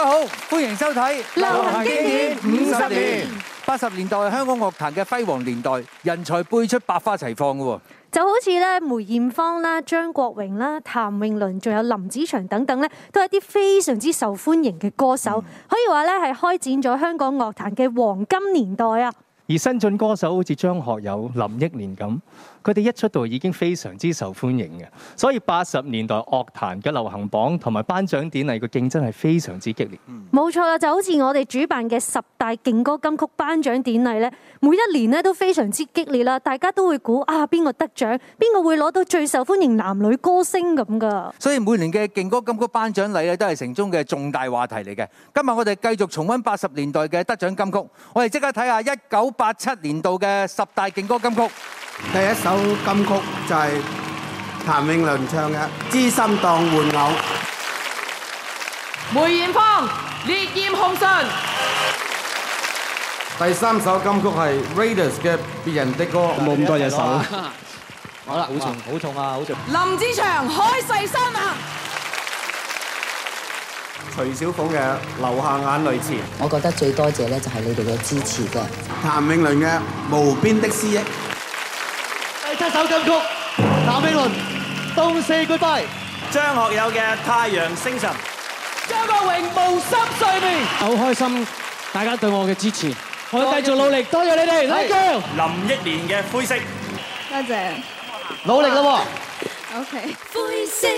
大家好，歡迎收睇流行經典五十年。八十年代香港樂壇嘅輝煌年代，人才輩出，百花齊放嘅喎。就好似咧梅艷芳啦、張國榮啦、譚詠麟，仲有林子祥等等咧，都係啲非常之受歡迎嘅歌手，可以話咧係開展咗香港樂壇嘅黃金年代啊。而新晉歌手好似張學友林一年一、林憶蓮咁。佢哋一出道已經非常之受歡迎嘅，所以八十年代樂壇嘅流行榜同埋頒獎典禮嘅競爭係非常之激烈。嗯，冇錯啦，就好似我哋主辦嘅十大勁歌金曲頒獎典禮咧，每一年咧都非常之激烈啦，大家都會估啊邊個得獎，邊個會攞到最受歡迎男女歌星咁噶。所以每年嘅勁歌金曲頒獎禮咧都係城中嘅重大話題嚟嘅。今日我哋繼續重温八十年代嘅得獎金曲，我哋即刻睇下一九八七年度嘅十大勁歌金曲。第一首金曲就係譚詠麟唱嘅《知心當玩偶》，梅艷芳《烈焰紅唇》。第三首金曲係 Raidas 嘅別人的歌，冇咁多隻手。好啦，好重，好重啊，好重。林子祥《海誓山盟》，徐小鳳嘅《流下眼淚》前，我覺得最多謝咧就係你哋嘅支持嘅。譚詠麟嘅《無邊的思憶》。七首金曲，譚詠麟，Don't Say Goodbye；張學友嘅太陽星辰，張國榮無心睡眠，好開心大家對我嘅支持，我繼續努力，多謝你哋，拉票。林憶蓮嘅灰色，多謝，努力啦。OK，灰色。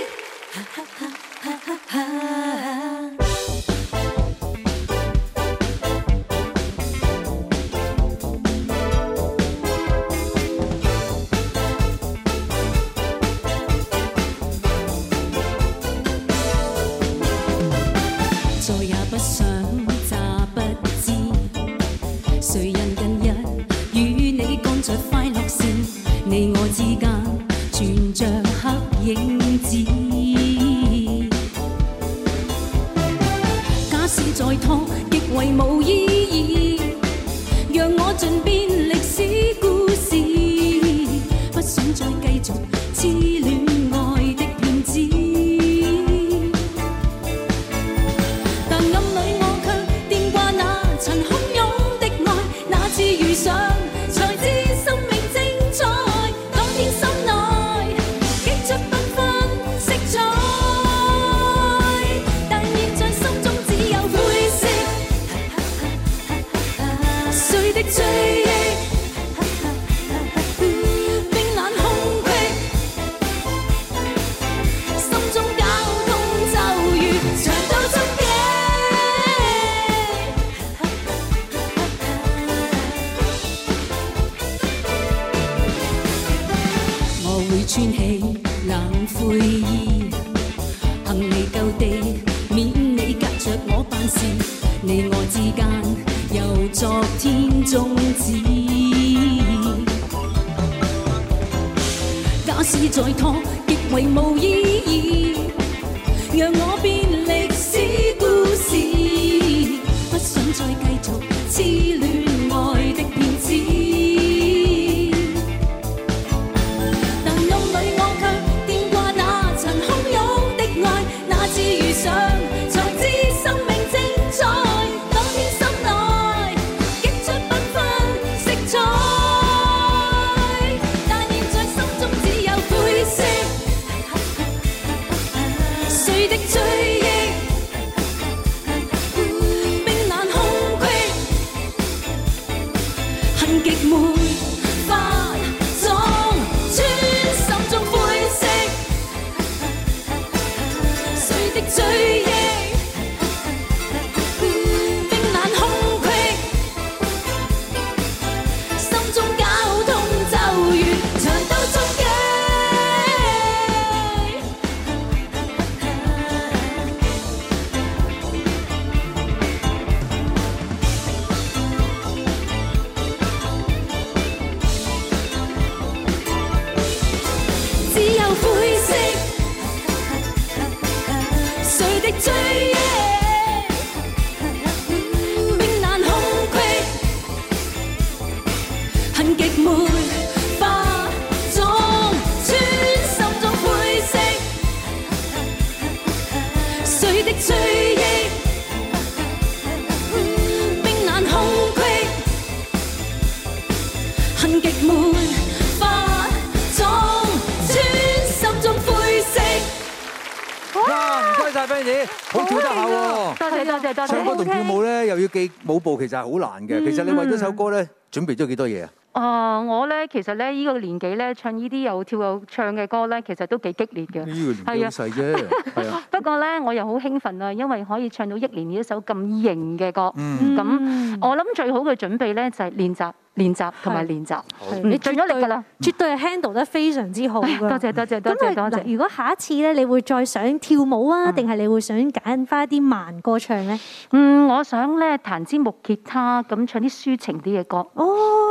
你舞步其實係好難嘅，其實你為咗首歌咧，準備咗幾多嘢啊？啊、嗯，我咧其實咧呢個年紀咧，唱呢啲又跳又唱嘅歌咧，其實都幾激烈嘅。呢個年紀好細啫。不過咧，我又好興奮啊，因為可以唱到憶蓮呢一首咁型嘅歌。嗯。咁我諗最好嘅準備咧就係、是、練習。練習同埋練習，的你盡咗力㗎啦，絕對係 handle、嗯、得非常之好。多謝多謝多謝多謝，謝，謝。如果下一次咧，你會再想跳舞啊，定、嗯、係你會想揀翻一啲慢歌唱咧？嗯，我想咧彈支木吉他，咁唱啲抒情啲嘅歌。哦，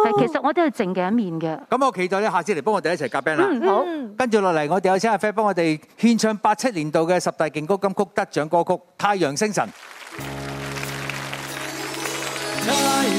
係，其實我都有靜嘅一面嘅。咁、嗯、我期待你下次嚟幫我哋一齊夾 band 啦。好，跟住落嚟，我哋有請阿 Fay 幫我哋獻唱八七年度嘅十大勁歌金曲得獎歌曲《太陽星辰》。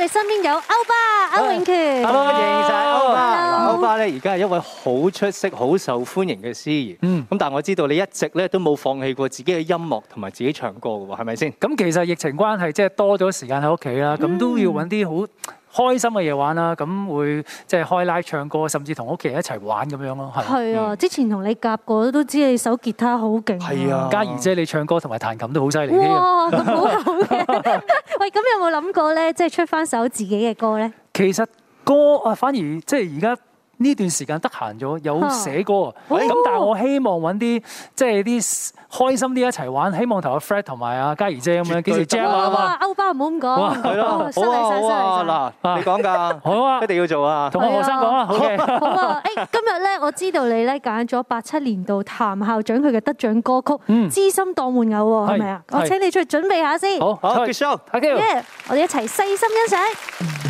你身邊有歐巴區永權，Hello，歡迎晒歐巴。嗱，歐巴咧，而家係一位好出色、好受歡迎嘅司儀。咁、嗯、但係我知道你一直咧都冇放棄過自己嘅音樂同埋自己唱歌嘅喎，係咪先？咁其實疫情關係，即係多咗時間喺屋企啦，咁、嗯、都要揾啲好。開心嘅嘢玩啦，咁會即係開拉唱歌，甚至同屋企人一齊玩咁樣咯。係啊、嗯，之前同你夾過都知你手吉他好勁。係啊，嘉怡姐你唱歌同埋彈琴都好犀利。哇，咁好嘅！ 喂，咁有冇諗過咧，即係出翻首自己嘅歌咧？其實歌啊，反而即係而家。呢段時間得閒咗，有寫歌，咁但係我希望揾啲即係啲開心啲一齊玩，希望同阿 Fred 同埋阿嘉怡姐咁樣幾時 jam 啊嘛？歐巴唔好咁講，係咯，好啊好啊，嗱你講㗎，好啊，一定要做啊，同我學生講啊，好嘅，好啊，誒今日咧我知道你咧揀咗八七年度譚校長佢嘅得獎歌曲《知心當玩偶》喎，係咪啊？我請你出去準備下先，好，收，好嘅，我哋一齊細心欣賞。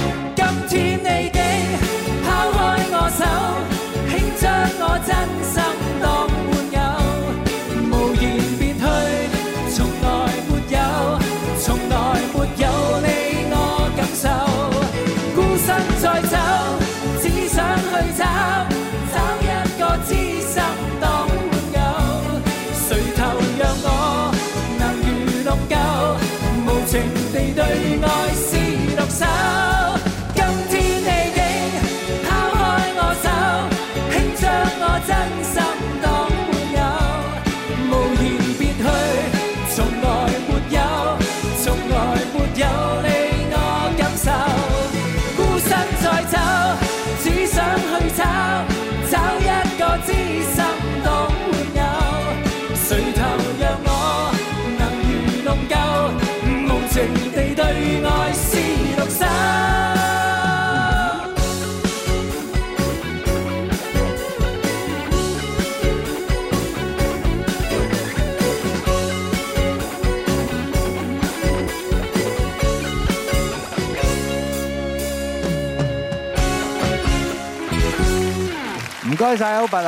唔該晒歐拔，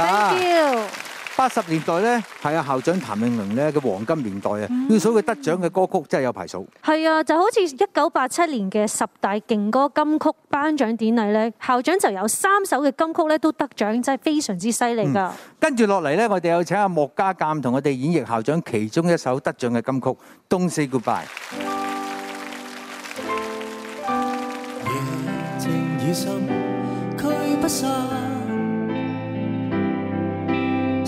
八十年代呢，係阿校長譚詠麟咧嘅黃金年代啊！要數佢得獎嘅歌曲真係有排數。係啊，就好似一九八七年嘅十大勁歌金曲頒獎典禮呢，校長就有三首嘅金曲呢，都得獎，真係非常之犀利㗎。跟住落嚟呢，我哋有請阿莫家淦同我哋演繹校長其中一首得獎嘅金曲《Don't Say Goodbye》情心。夜不。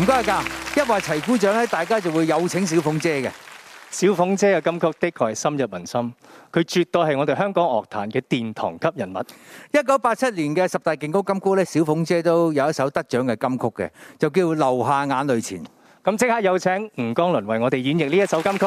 唔該㗎，一話齊鼓掌咧，大家就會有請小鳳姐嘅。小鳳姐嘅金曲的確係深入民心，佢絕對係我哋香港樂壇嘅殿堂級人物。一九八七年嘅十大勁歌金曲咧，小鳳姐都有一首得獎嘅金曲嘅，就叫《流下眼淚前》。咁即刻有請吳江倫為我哋演繹呢一首金曲。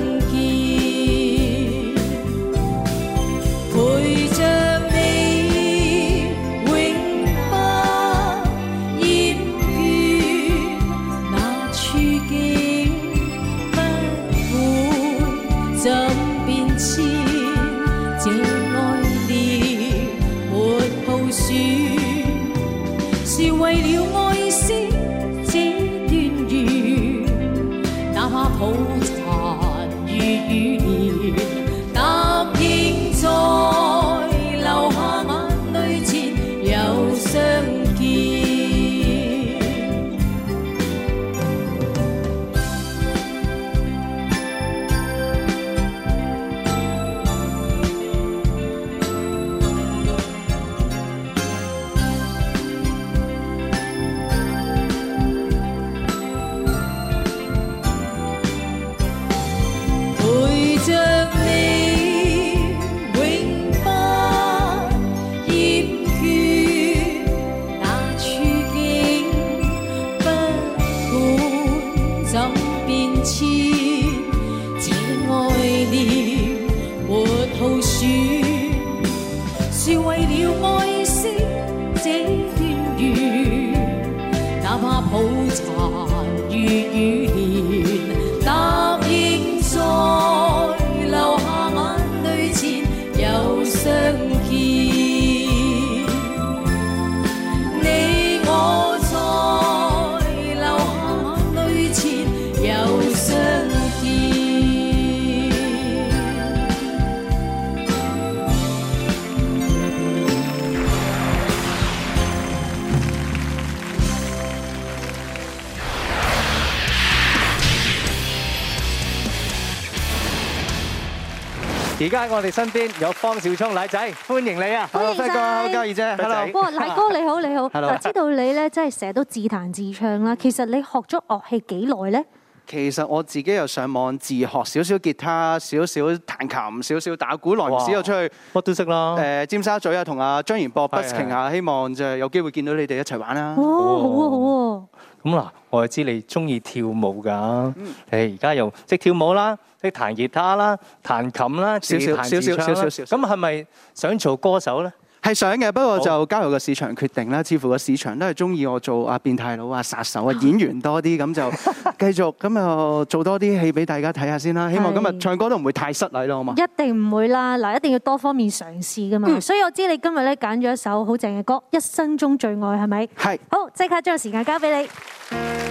喺我哋身邊有方紹聰奶仔，歡迎你啊！Hello 歡迎曬，好嘉儀姐 Hello 奶哥你好，你好。Hello，、啊、知道你咧，真係成日都自彈自唱啦。其實你學咗樂器幾耐咧？其實我自己又上網自學少少吉他，少少彈琴，少少打鼓，來唔少又出去，乜都識啦。誒、呃，尖沙咀啊，同阿張元博 busking 啊，希望就係有機會見到你哋一齊玩啦、哦。哦，好啊，好啊。咁嗱，我係知道你中意跳舞㗎，誒而家又識跳舞啦，識彈吉他啦，彈琴啦，少少少少少少，咁係咪想做歌手咧？係想嘅，不過就交由個市場決定啦。似乎個市場都係中意我做啊變態佬啊殺手啊演員多啲，咁就繼續咁又 做多啲戲俾大家睇下先啦。希望今日唱歌都唔會太失禮咯，好嘛？一定唔會啦！嗱，一定要多方面嘗試噶嘛、嗯。所以我知你今日咧揀咗一首好正嘅歌、嗯《一生中最愛》是不是，係咪？係。好，即刻將個時間交俾你。嗯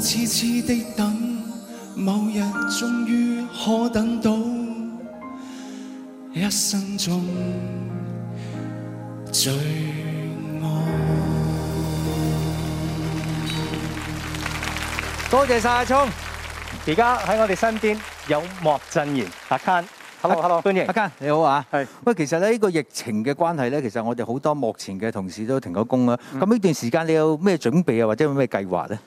我痴痴的等，某日終於可等到一生中最愛。多謝晒阿聰，而家喺我哋身邊有莫鎮賢阿 KenHello，Hello，歡迎阿 Ken，你好啊。喂，其實咧呢個疫情嘅關係咧，其實我哋好多幕前嘅同事都停咗工啊。咁、嗯、呢段時間你有咩準備啊，或者有咩計劃咧？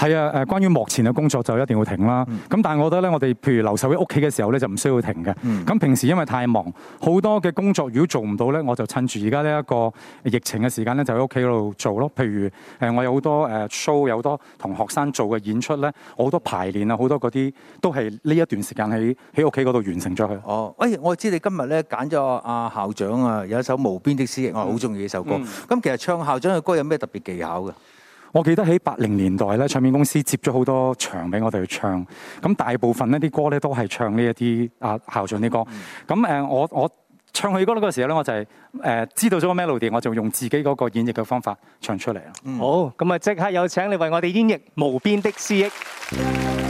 係啊，誒關於幕前嘅工作就一定要停啦。咁、嗯、但係我覺得咧，我哋譬如留守喺屋企嘅時候咧，就唔需要停嘅。咁、嗯、平時因為太忙，好多嘅工作如果做唔到咧，我就趁住而家呢一個疫情嘅時間咧，就喺屋企嗰度做咯。譬如誒，我有好多誒 show，有好多同學生做嘅演出咧，我好多排練啊，好多嗰啲都係呢一段時間喺喺屋企嗰度完成咗佢。哦，誒、哎，我知你今日咧揀咗阿校長啊，有一首無邊的思憶、嗯，我好中意呢首歌。咁、嗯、其實唱校長嘅歌有咩特別技巧嘅？我記得喺八零年代咧，唱片公司接咗好多場俾我哋去唱，咁大部分呢啲歌咧都係唱呢一啲啊校長啲歌，咁、嗯、誒我我唱佢歌嗰個時候咧，我就係、是、誒、呃、知道咗個 melody，我就用自己嗰個演繹嘅方法唱出嚟啦、嗯。好，咁啊即刻有請你為我哋演繹無邊的思憶。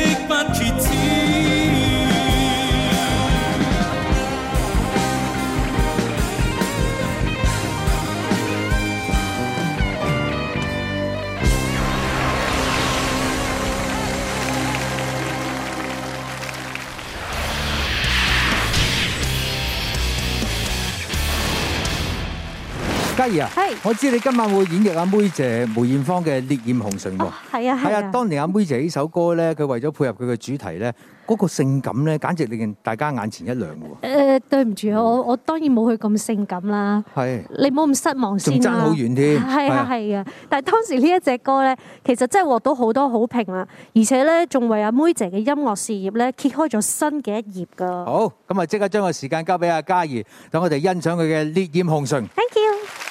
嘉怡啊，我知你今晚會演繹阿妹姐梅艷芳嘅《烈焰紅唇》喎。係、哦、啊，係啊，啊，啊。當年阿妹姐呢首歌咧，佢為咗配合佢嘅主題咧，嗰、那個性感咧，簡直令大家眼前一亮喎。誒、呃，對唔住、嗯，我我當然冇佢咁性感啦。係、啊。你冇咁失望先啦。仲爭好遠添。係啊，係啊，啊，啊，啊。但係當時呢一隻歌咧，其實真係獲到好多好評啦，而且咧仲為阿妹姐嘅音樂事業咧揭開咗新嘅一頁噶。好，咁啊即刻將個時間交俾阿嘉怡，等我哋欣賞佢嘅《烈焰紅唇》。Thank you。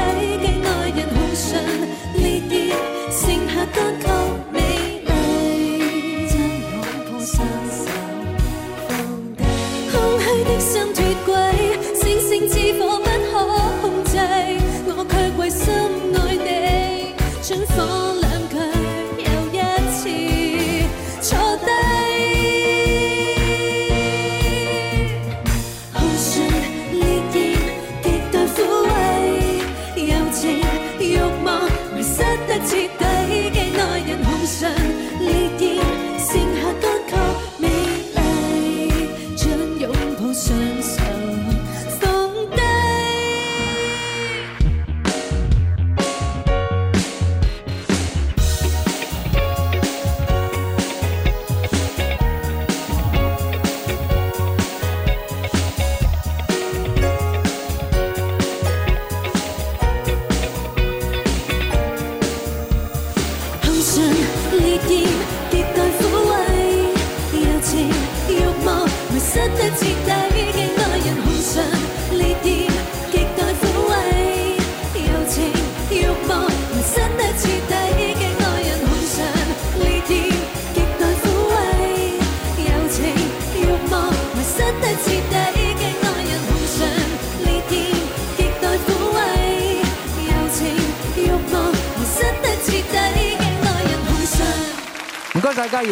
嘉怡，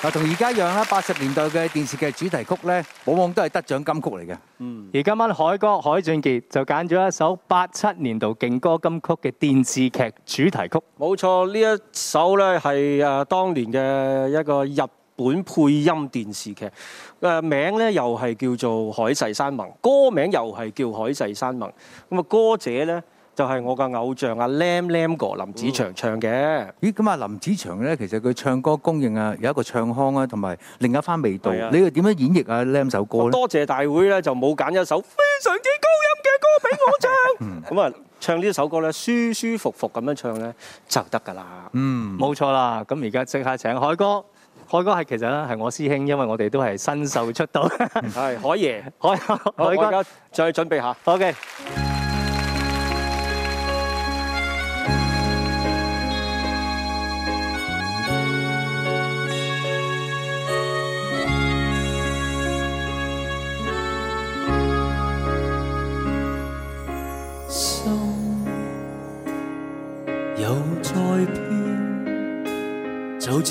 嗱，同而家一樣啦，八十年代嘅電視劇主題曲咧，往往都係得獎金曲嚟嘅。嗯，而今晚海哥海俊傑就揀咗一首八七年度勁歌金曲嘅電視劇主題曲。冇錯，呢一首咧係誒當年嘅一個日本配音電視劇，誒名咧又係叫做《海誓山盟》，歌名又係叫《海誓山盟》。咁啊，歌者咧，就係我個偶像阿 Lam Lam 哥林子祥唱嘅。咦，咁啊林子祥咧，其實佢唱歌公認啊有一個唱腔啦，同埋另一番味道。你又點樣演繹阿 Lam 首歌咧？多謝大會咧，就冇揀一首非常之高音嘅歌俾我唱。咁啊，唱呢首歌咧舒舒服服咁樣唱咧就得噶啦。嗯，冇錯啦。咁而家即刻請海哥，海哥係其實咧係我師兄，因為我哋都係新秀出道。係海爺，海海哥，再準備下。好嘅。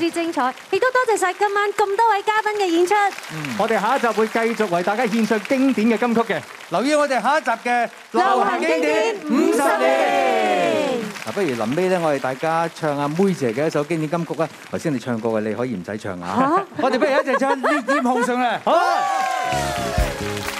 啲精彩，亦都多謝晒今晚咁多位嘉賓嘅演出。嗯，我哋下一集會繼續為大家獻上經典嘅金曲嘅。留意我哋下一集嘅流行經典五十年。嗱，不如臨尾咧，我哋大家唱阿妹姐嘅一首經典金曲啊。頭先你唱過嘅，你可以唔使唱啊。我哋不如一齊唱《烈焰紅唇》啊！ 好。